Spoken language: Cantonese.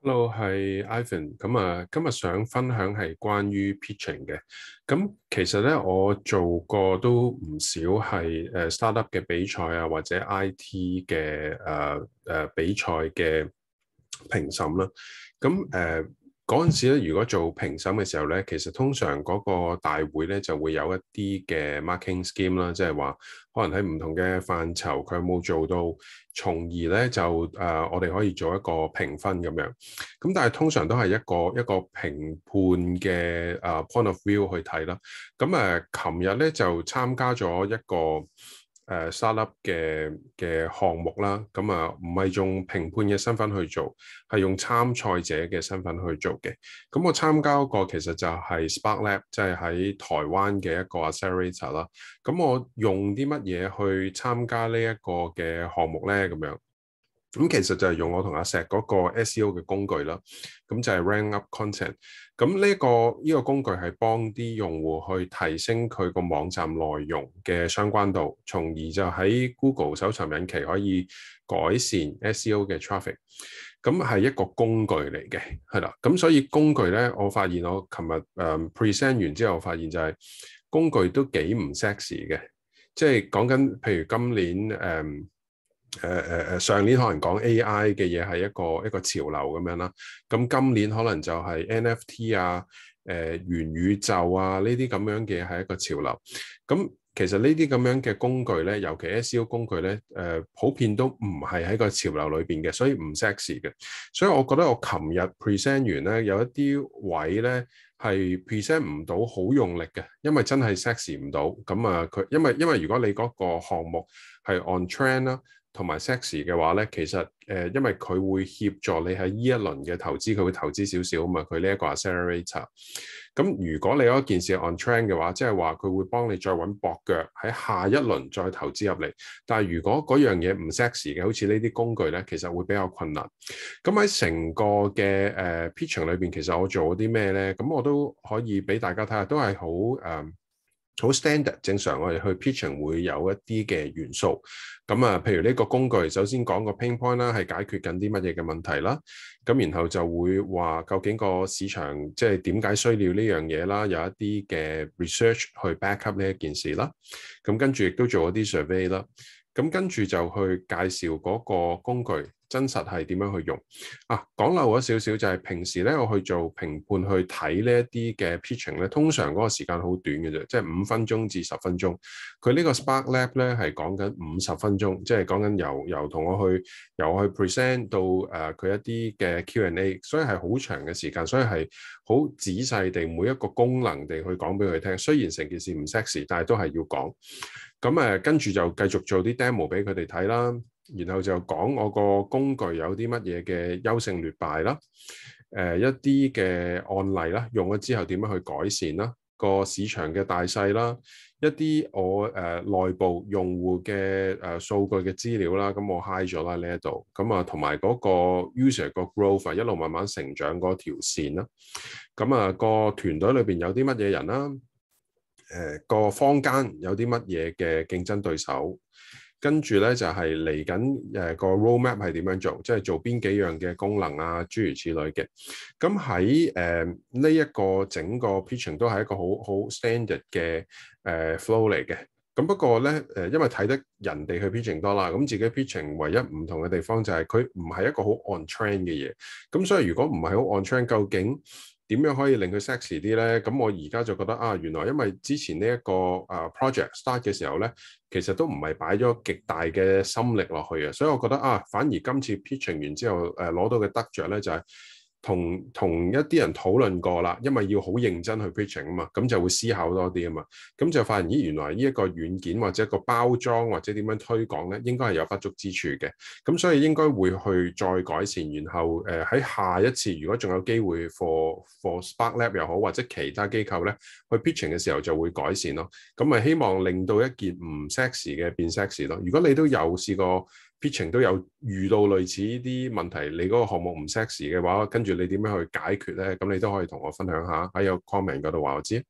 hello，係 Ivan，咁啊，今日想分享係關於 pitching 嘅，咁其實咧我做過都唔少係誒 startup 嘅比賽啊，或者 IT 嘅誒誒比賽嘅評審啦，咁誒。嗰陣時咧，如果做評審嘅時候咧，其實通常嗰個大會咧就會有一啲嘅 marking scheme 啦，即係話可能喺唔同嘅範疇佢有冇做到，從而咧就誒、呃、我哋可以做一個評分咁樣。咁但係通常都係一個一個評判嘅誒 point of view 去睇啦。咁誒、啊，琴日咧就參加咗一個。誒沙粒嘅嘅項目啦，咁啊唔係用評判嘅身份去做，係用參賽者嘅身份去做嘅。咁我參加嗰個其實就係 Spark Lab，即係喺台灣嘅一個 accelerator 啦。咁我用啲乜嘢去參加呢一個嘅項目咧？咁樣。咁其實就係用我同阿石嗰個 SEO 嘅工具啦，咁就係 Rank Up Content。咁呢個呢個工具係幫啲用戶去提升佢個網站內容嘅相關度，從而就喺 Google 搜尋引擎可以改善 SEO 嘅 traffic。咁係一個工具嚟嘅，係啦。咁所以工具咧，我發現我琴日誒 present 完之後，我發現就係工具都幾唔 sexy 嘅，即係講緊譬如今年誒。Um, 誒誒誒，上年可能講 AI 嘅嘢係一個一個潮流咁樣啦，咁今年可能就係 NFT 啊、誒、呃、元宇宙啊呢啲咁樣嘅係一個潮流。咁其實呢啲咁樣嘅工具咧，尤其 SEO 工具咧，誒、呃、普遍都唔係喺個潮流裏邊嘅，所以唔 sexy 嘅。所以我覺得我琴日 present 完咧，有一啲位咧係 present 唔到好用力嘅，因為真係 sexy 唔到。咁啊，佢因為因為如果你嗰個項目係 on trend 啦。Tre nd, 同埋 sexy 嘅話咧，其實誒、呃，因為佢會協助你喺呢一輪嘅投資，佢會投資少少啊嘛。佢呢一個 accelerator。咁、嗯、如果你有一件事 on trend 嘅話，即係話佢會幫你再揾駁腳喺下一輪再投資入嚟。但係如果嗰樣嘢唔 sexy 嘅，好似呢啲工具咧，其實會比較困難。咁喺成個嘅誒、uh, pitching 裏邊，其實我做咗啲咩咧？咁、嗯、我都可以俾大家睇下，都係好誒。Um, 好 standard，正常我哋去 pitching 會有一啲嘅元素，咁啊，譬如呢個工具，首先講個 pain point 啦，係解決緊啲乜嘢嘅問題啦，咁然後就會話究竟個市場即係點解需要呢樣嘢啦，有一啲嘅 research 去 back up 呢一件事啦，咁跟住亦都做一啲 survey 啦，咁跟住就去介紹嗰個工具。真實係點樣去用啊？講漏咗少少就係、是、平時咧，我去做評判去睇呢一啲嘅 pitching 咧，通常嗰個時間好短嘅啫，即係五分鐘至十分鐘。佢呢個 Spark Lab 咧係講緊五十分鐘，即係講緊由由同我去由我去 present 到誒佢、呃、一啲嘅 Q&A，所以係好長嘅時間，所以係好仔細地每一個功能地去講俾佢聽。雖然成件事唔 sexy，但係都係要講。咁誒跟住就繼續做啲 demo 俾佢哋睇啦。然後就講我個工具有啲乜嘢嘅優勝劣敗啦，誒、呃、一啲嘅案例啦，用咗之後點樣去改善啦，個市場嘅大細啦，一啲我誒內部、呃、用戶嘅誒數據嘅資料啦，咁我 high 咗啦呢一度，咁啊同埋嗰個 user 個 growth、啊、一路慢慢成長嗰條線啦，咁啊個團隊裏邊有啲乜嘢人啦，誒、呃、個坊間有啲乜嘢嘅競爭對手。跟住咧就係嚟緊誒個 roadmap 係點樣做，即係做邊幾樣嘅功能啊，諸如此類嘅。咁喺誒呢一個整個 pitching 都係一個好好 standard 嘅誒、呃、flow 嚟嘅。咁不過咧誒、呃，因為睇得人哋去 pitching 多啦，咁自己 pitching 唯一唔同嘅地方就係佢唔係一個好 on trend 嘅嘢。咁所以如果唔係好 on trend，究竟？點樣可以令佢 sexy 啲咧？咁我而家就覺得啊，原來因為之前呢、這、一個啊、uh, project start 嘅時候咧，其實都唔係擺咗極大嘅心力落去嘅。所以我覺得啊，反而今次 pitching 完之後，誒、啊、攞到嘅得着咧就係、是。同同一啲人討論過啦，因為要好認真去 pitching 啊嘛，咁就會思考多啲啊嘛，咁就發現咦，原來呢一個軟件或者一個包裝或者點樣推廣咧，應該係有不足之處嘅，咁所以應該會去再改善，然後誒喺、呃、下一次如果仲有機會 for for Spark Lab 又好或者其他機構咧去 pitching 嘅時候就會改善咯，咁咪希望令到一件唔 sexy 嘅變 sexy 咯。如果你都有試過，pitching 都有遇到類似呢啲問題，你嗰個項目唔 sexy 嘅話，跟住你點樣去解決咧？咁你都可以同我分享下喺個 comment 嗰度話我知。